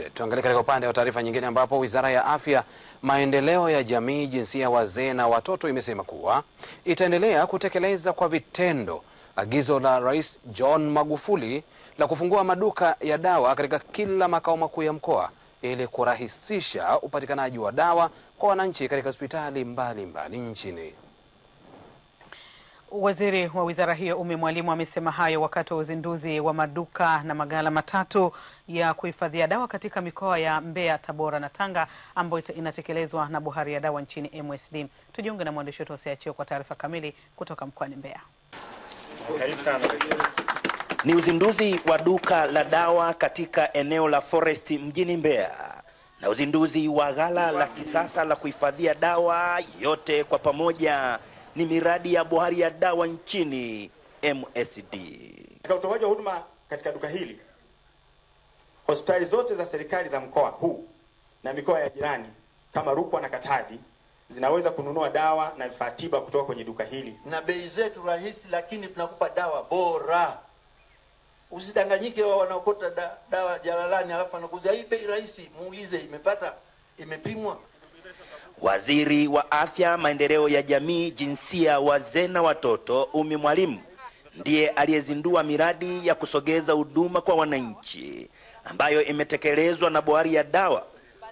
Eh, tuangalie katika upande wa taarifa nyingine ambapo Wizara ya Afya, Maendeleo ya Jamii, Jinsia, Wazee na Watoto imesema kuwa itaendelea kutekeleza kwa vitendo agizo la Rais John Magufuli la kufungua maduka ya dawa katika kila makao makuu ya mkoa ili kurahisisha upatikanaji wa dawa kwa wananchi katika hospitali mbalimbali nchini. Waziri wa wizara hiyo Ummy Mwalimu amesema hayo wakati wa uzinduzi wa maduka na maghala matatu ya kuhifadhia dawa katika mikoa ya Mbeya, Tabora na Tanga ambayo inatekelezwa na Bohari ya Dawa nchini MSD. Tujiunge na mwandishi wetu Asiachio kwa taarifa kamili kutoka mkoani Mbeya. Ni uzinduzi wa duka la dawa katika eneo la Forest mjini Mbeya na uzinduzi wa ghala la kisasa la kuhifadhia dawa yote kwa pamoja ni miradi ya bohari ya dawa nchini MSD. Katika utoaji wa huduma katika duka hili, hospitali zote za serikali za mkoa huu na mikoa ya jirani kama Rukwa na Katavi zinaweza kununua dawa na vifaa tiba kutoka kwenye duka hili na bei zetu rahisi, lakini tunakupa dawa bora. Usidanganyike wao wanaokota da, dawa jalalani alafu anakuza hii bei rahisi. Muulize imepata imepimwa. Waziri wa Afya, Maendeleo ya Jamii, Jinsia, Wazee na Watoto, umi Mwalimu ndiye aliyezindua miradi ya kusogeza huduma kwa wananchi ambayo imetekelezwa na Bohari ya Dawa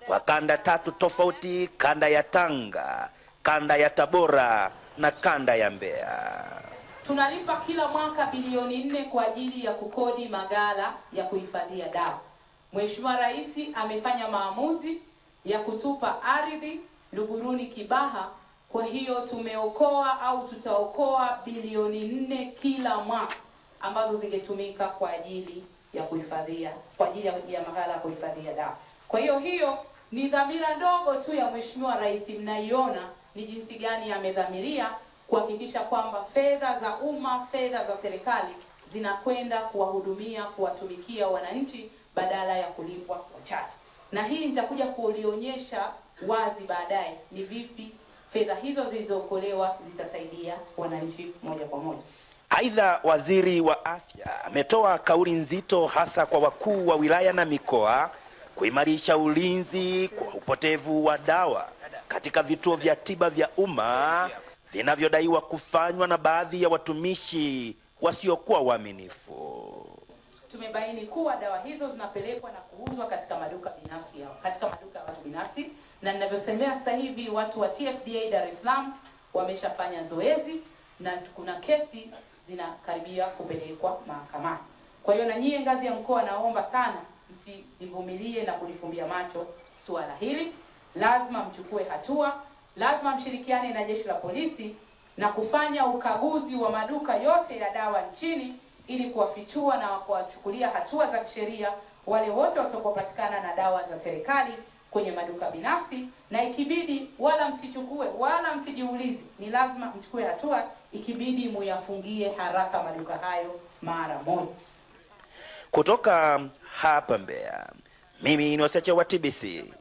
kwa kanda tatu tofauti, kanda ya Tanga, kanda ya Tabora na kanda ya Mbeya. Tunalipa kila mwaka bilioni nne kwa ajili ya kukodi magala ya kuhifadhia dawa. Mheshimiwa Rais amefanya maamuzi ya kutupa ardhi Luguruni Kibaha. Kwa hiyo tumeokoa au tutaokoa bilioni nne kila mwaka ambazo zingetumika kwa ajili ya kuhifadhia kwa ajili ya mahala ya kuhifadhia dawa. Kwa hiyo hiyo ni dhamira ndogo tu ya Mheshimiwa Rais, mnaiona ni jinsi gani amedhamiria kuhakikisha kwamba fedha za umma, fedha za serikali zinakwenda kuwahudumia, kuwatumikia wananchi badala ya kulipwa wachache na hii nitakuja kulionyesha wazi baadaye ni vipi fedha hizo zilizookolewa zitasaidia wananchi moja kwa moja. Aidha, waziri wa afya ametoa kauli nzito hasa kwa wakuu wa wilaya na mikoa kuimarisha ulinzi kwa upotevu wa dawa katika vituo vya tiba vya umma vinavyodaiwa kufanywa na baadhi ya watumishi wasiokuwa waaminifu tumebaini kuwa dawa hizo zinapelekwa na kuuzwa katika maduka binafsi yao, katika maduka ya watu binafsi, na ninavyosemea sasa hivi watu wa TFDA Dar es Salaam wameshafanya zoezi na kuna kesi zinakaribia kupelekwa mahakamani. Kwa hiyo na nyie ngazi ya mkoa, naomba sana msivumilie na kulifumbia macho suala hili. Lazima mchukue hatua, lazima mshirikiane na jeshi la polisi na kufanya ukaguzi wa maduka yote ya dawa nchini ili kuwafichua na kuwachukulia hatua za kisheria wale wote watakaopatikana na dawa za serikali kwenye maduka binafsi, na ikibidi wala msichukue wala msijiulize, ni lazima mchukue hatua, ikibidi muyafungie haraka maduka hayo mara moja. Kutoka hapa Mbeya, mimi ni wasiache wa TBC.